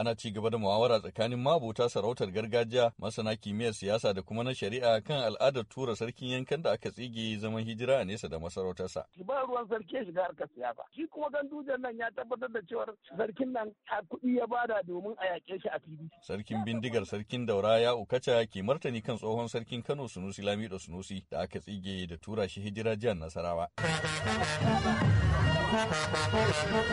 ana ci gaba da muhawara tsakanin mabuta sarautar gargajiya masana kimiyyar siyasa da kuma na shari'a kan al'adar tura sarkin yankan da aka tsige zaman hijira a nesa da masarautarsa. ba ruwan sarki ya shiga harkar siyasa shi kuma gandujan nan ya tabbatar da cewar sarkin nan a kuɗi ya bada domin a yaƙe shi a fili. sarkin bindigar sarkin daura ya ukaca ke martani kan tsohon sarkin kano sunusi lamido sunusi da aka tsige da tura shi hijira jihar nasarawa. Thank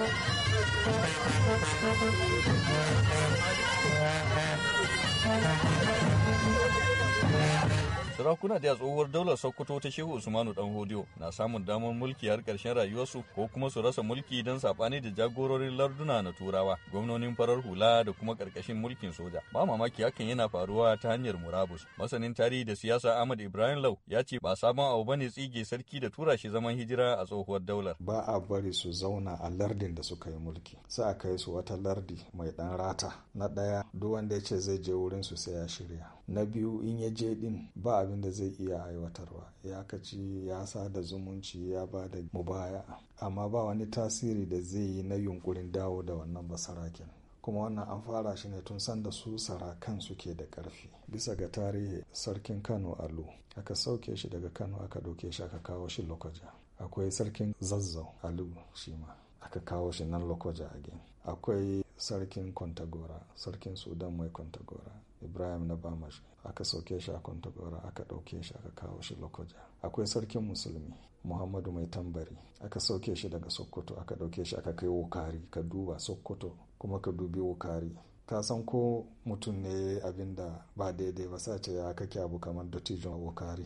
you. Thank you. Sarakuna da tsohuwar daular Sokoto ta Shehu Usmanu Dan Hodiyo na samun damar mulki har ƙarshen rayuwarsu ko kuma su rasa mulki don saɓani da jagororin larduna na Turawa, gwamnonin farar hula da kuma ƙarƙashin mulkin soja. Ba mamaki hakan yana faruwa ta hanyar murabus. Masanin tarihi da siyasa Ahmad Ibrahim Lau ya ce ba sabon abu bane tsige sarki da tura shi zaman hijira a tsohuwar daular. Ba a bari su zauna a lardin da suka yi mulki. Sai a kai su wata lardi mai ɗan rata. Na ɗaya duk wanda ya ce zai je wurin su sai ya shirya. Na biyu in ya je din ba a abin da zai iya aiwatarwa ya kaci ya sada zumunci ya ba da mubaya amma ba wani tasiri da zai yi na yunkurin dawo da wannan basaraken kuma wannan an fara shi ne tun sanda su sarakan suke da ƙarfi bisa ga tarihi sarkin kano alu aka sauke shi daga kano aka doke shi aka kawo shi lokaja akwai sarkin zazzau alu shi ma aka kawo shi nan lokaja a akwai sarkin kwantagora sarkin sudan mai kwantagora ibrahim na bamash aka sauke shi a kwantagora aka ɗauke shi aka kawo shi lokoja akwai sarkin musulmi muhammadu mai tambari aka sauke shi daga sokoto aka ɗauke shi aka kai wukari ka duba sokoto kuma ka dubi wukari ka san ko mutum ne abin da ba daidai ba sace ya kake abu kamar dattijon wukari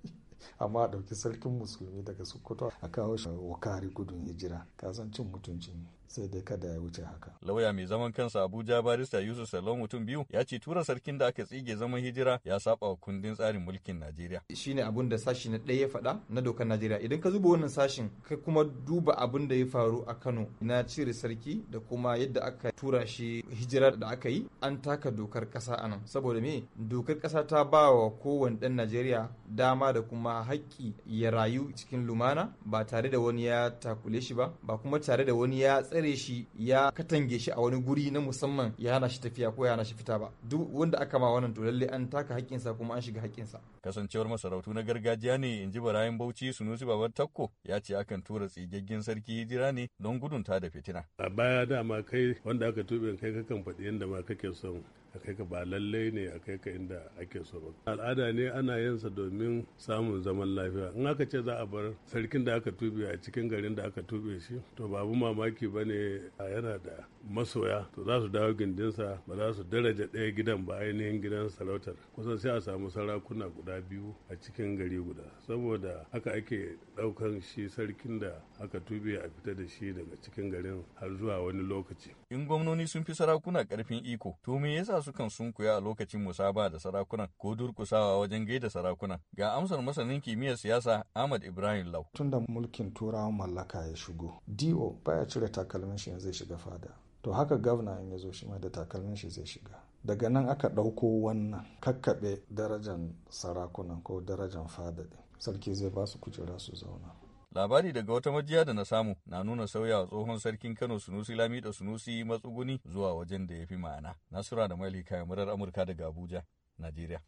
amma a ɗauki sarkin musulmi daga sokoto a kawo shi wukari gudun hijira ka san cin mutunci ne sai dai kada ya wuce haka. Lauya mai zaman kansa Abuja barista Yusuf Salon mutum biyu ya ce tura sarkin da aka tsige zaman hijira ya saba wa kundin tsarin mulkin Najeriya. Shine abun da sashi na ɗaya ya faɗa na dokar Najeriya idan ka zuba wannan sashin ka kuma duba abin da ya faru a Kano na cire sarki da kuma yadda aka tura shi hijirar da aka yi an taka dokar ƙasa nan saboda me dokar ƙasa ta ba wa kowane ɗan Najeriya dama da kuma haƙƙi ya rayu cikin lumana ba tare da wani ya takule shi ba ba kuma tare da wani ya tsaye tsare shi ya katange shi a wani guri na musamman ya hana shi tafiya ko ya hana shi fita ba duk wanda aka ma wannan to lalle an taka haƙƙinsa kuma an shiga haƙƙinsa kasancewar masarautu na gargajiya ne in ji barayin bauchi sunusi babar takko ya ce akan tura tsigaggen sarki hijira ne don gudun ta da fitina a baya dama kai wanda aka tube kai ka kan faɗi yadda ma kake son a kai ka ba lallai ne a kai ka inda ake so ba al'ada ne ana yin sa domin samun zaman lafiya in aka ce za a bar sarkin da aka tube a cikin garin da aka tube shi to babu mamaki ba ne yana da masoya to za su dawo gindinsa ba za su daraja ɗaya gidan ba ainihin gidan sarautar kusan sai a samu sarakuna guda biyu a cikin gari guda saboda haka ake ɗaukan shi sarkin da aka tube a fita da shi daga cikin garin har zuwa wani lokaci. In gwamnoni sun fi sarakuna ƙarfin iko to me yasa sukan sunkuya a lokacin musaba da sarakunan ko durƙusawa wajen gaida sarakunan ga amsar masanin kimiyyar siyasa Ahmad Ibrahim Lau. tunda mulkin turawan mallaka ya shigo, DO baya cire takalma takalmin shi zai shiga fada to haka gwamna in ya zo shi ma da takalmin shi zai shiga daga nan aka ɗauko wannan kakkaɓe darajan sarakunan ko darajan fada ɗin sarki zai ba su kujera su zauna labari daga wata majiya da na samu na nuna sauyawa tsohon sarkin kano sunusi lami da sunusi matsuguni zuwa wajen da ya fi ma'ana nasura da mali kayan murar amurka daga abuja najeriya